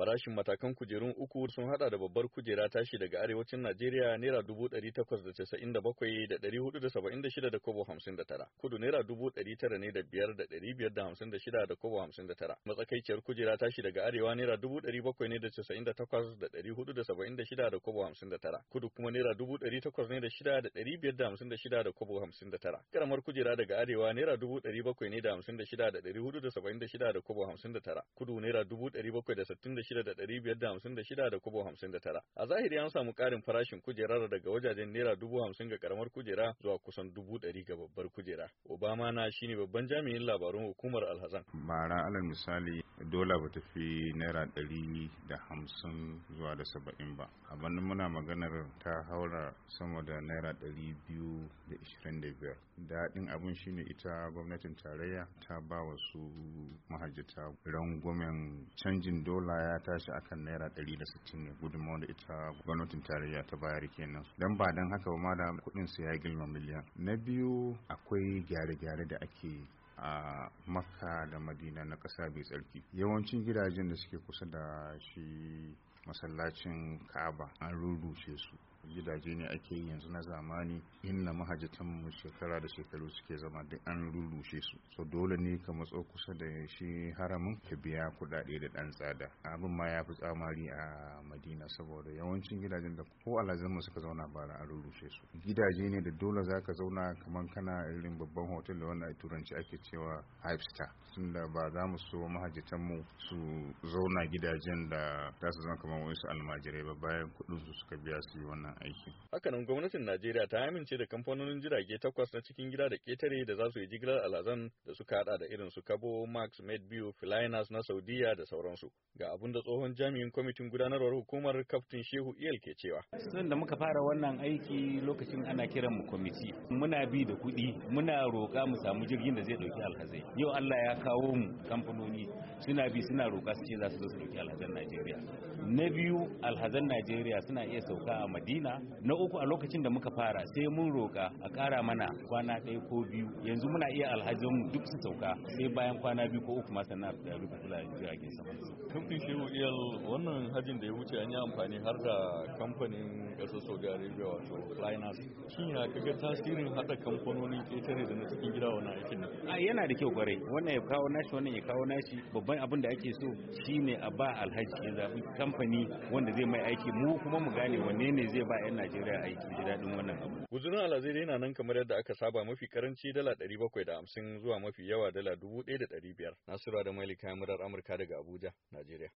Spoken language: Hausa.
Farashin matakan kujerun uku sun hada da babbar kujera tashi daga arewacin Najeriya naira dubu ɗari takwas da casa'in da bakwai da ɗari hudu da saba'in da shida da kobo hamsin da tara. Kudu naira dubu ɗari tara ne da biyar da ɗari biyar da hamsin da shida da kobo hamsin da tara. Matsakaiciyar kujera tashi daga arewa naira dubu ɗari bakwai ne da casa'in da takwas da ɗari hudu da saba'in da shida da kobo hamsin da tara. Kudu kuma naira dubu ɗari takwas ne da shida da ɗari biyar da hamsin da shida da kobo hamsin da tara. Karamar kujera daga arewa naira dubu ɗari bakwai ne da hamsin da shida da ɗari hudu da saba'in da shida da kobo hamsin da tara. Kudu naira dubu ɗari bakwai da sittin da da ɗari biyar A zahiri an samu karin farashin kujerar daga wajajen naira dubu hamsin ga karamar kujera zuwa kusan dubu ɗari ga babbar kujera. Obama na shine babban jami'in labarun hukumar alhazan. Bara alal misali dola ba ta fi naira ɗari da hamsin zuwa da saba'in ba. Abin muna maganar ta haura sama da naira ɗari biyu da ishirin da biyar. Daɗin abin ne ita gwamnatin tarayya ta ba wasu mahajjata rangwamen canjin dola ya tashi akan naira ɗari da sittin ne gudunmawar da ita gwamnatin tarayya ta bayar kenan dan ba dan haka ba ma da kuɗin su ya girma miliyan na biyu akwai gyare-gyare da ake a makka da madina na ƙasa mai tsarki yawancin gidajen da suke kusa da shi masallacin ka'aba an rurrushe su gidaje ne ake yi yanzu na zamani inna mahajjatan mu shekara da shekaru suke zama duk an rurrushe su so dole ne ka matso kusa da shi haramin ka biya kudade da ɗan tsada abin ma ya fi tsamari a madina saboda yawancin gidajen da ko alazan suka zauna bara an rurrushe su gidaje ne da dole za ka zauna kamar kana irin babban hotel da wanda a turanci ake cewa five star tunda ba za mu so mahajjatan mu su zauna gidajen da za su zama kamar wasu almajirai ba bayan kuɗin su suka biya su yi wannan wannan aiki. Hakanan gwamnatin Najeriya ta amince da kamfanonin jirage takwas na cikin gida da ketare da za su yi jigilar alazan da suka hada da irin su Cabo, Max, Medview, Filinas na Saudiya da sauransu. Ga abin da tsohon jami'in kwamitin gudanarwar hukumar Kaftin Shehu Iyal ke cewa. Sun da muka fara wannan aiki lokacin ana kiran mu kwamiti. Muna bi da kuɗi, muna roƙa mu samu jirgin da zai ɗauki alhazai. Yau Allah ya kawo mu kamfanoni suna bi suna roƙa su ce za su zo su ɗauki alhazan Najeriya. na biyu alhazan najeriya suna iya sauka a madina na uku a lokacin da muka fara sai mun roƙa a ƙara mana kwana ɗaya ko biyu yanzu muna iya alhazan duk su sauka sai bayan kwana biyu ko uku ma sannan da rufe fulani jiragen sama fi shehu iyal wannan hajjin da ya wuce an yi amfani har da kamfanin ƙasar saudi arabia wato flynas shin ya kaga tasirin haɗa kamfanonin ƙetare da na cikin gida wannan aikin yana da kyau kwarai wannan ya kawo nashi wannan ya kawo nashi babban abin da ake so shine a ba alhaji ya zaɓi kamfanin kamfani wanda zai mai aiki mu kuma mu gane wanne ne zai ba 'yan Najeriya aiki ji daɗin wannan abu. Guzurin alaziri yana nan kamar yadda aka saba mafi karanci dala ɗari bakwai da hamsin zuwa mafi yawa dala dubu ɗaya da ɗari biyar. Nasiru da Malika Yamurar Amurka daga Abuja, Najeriya.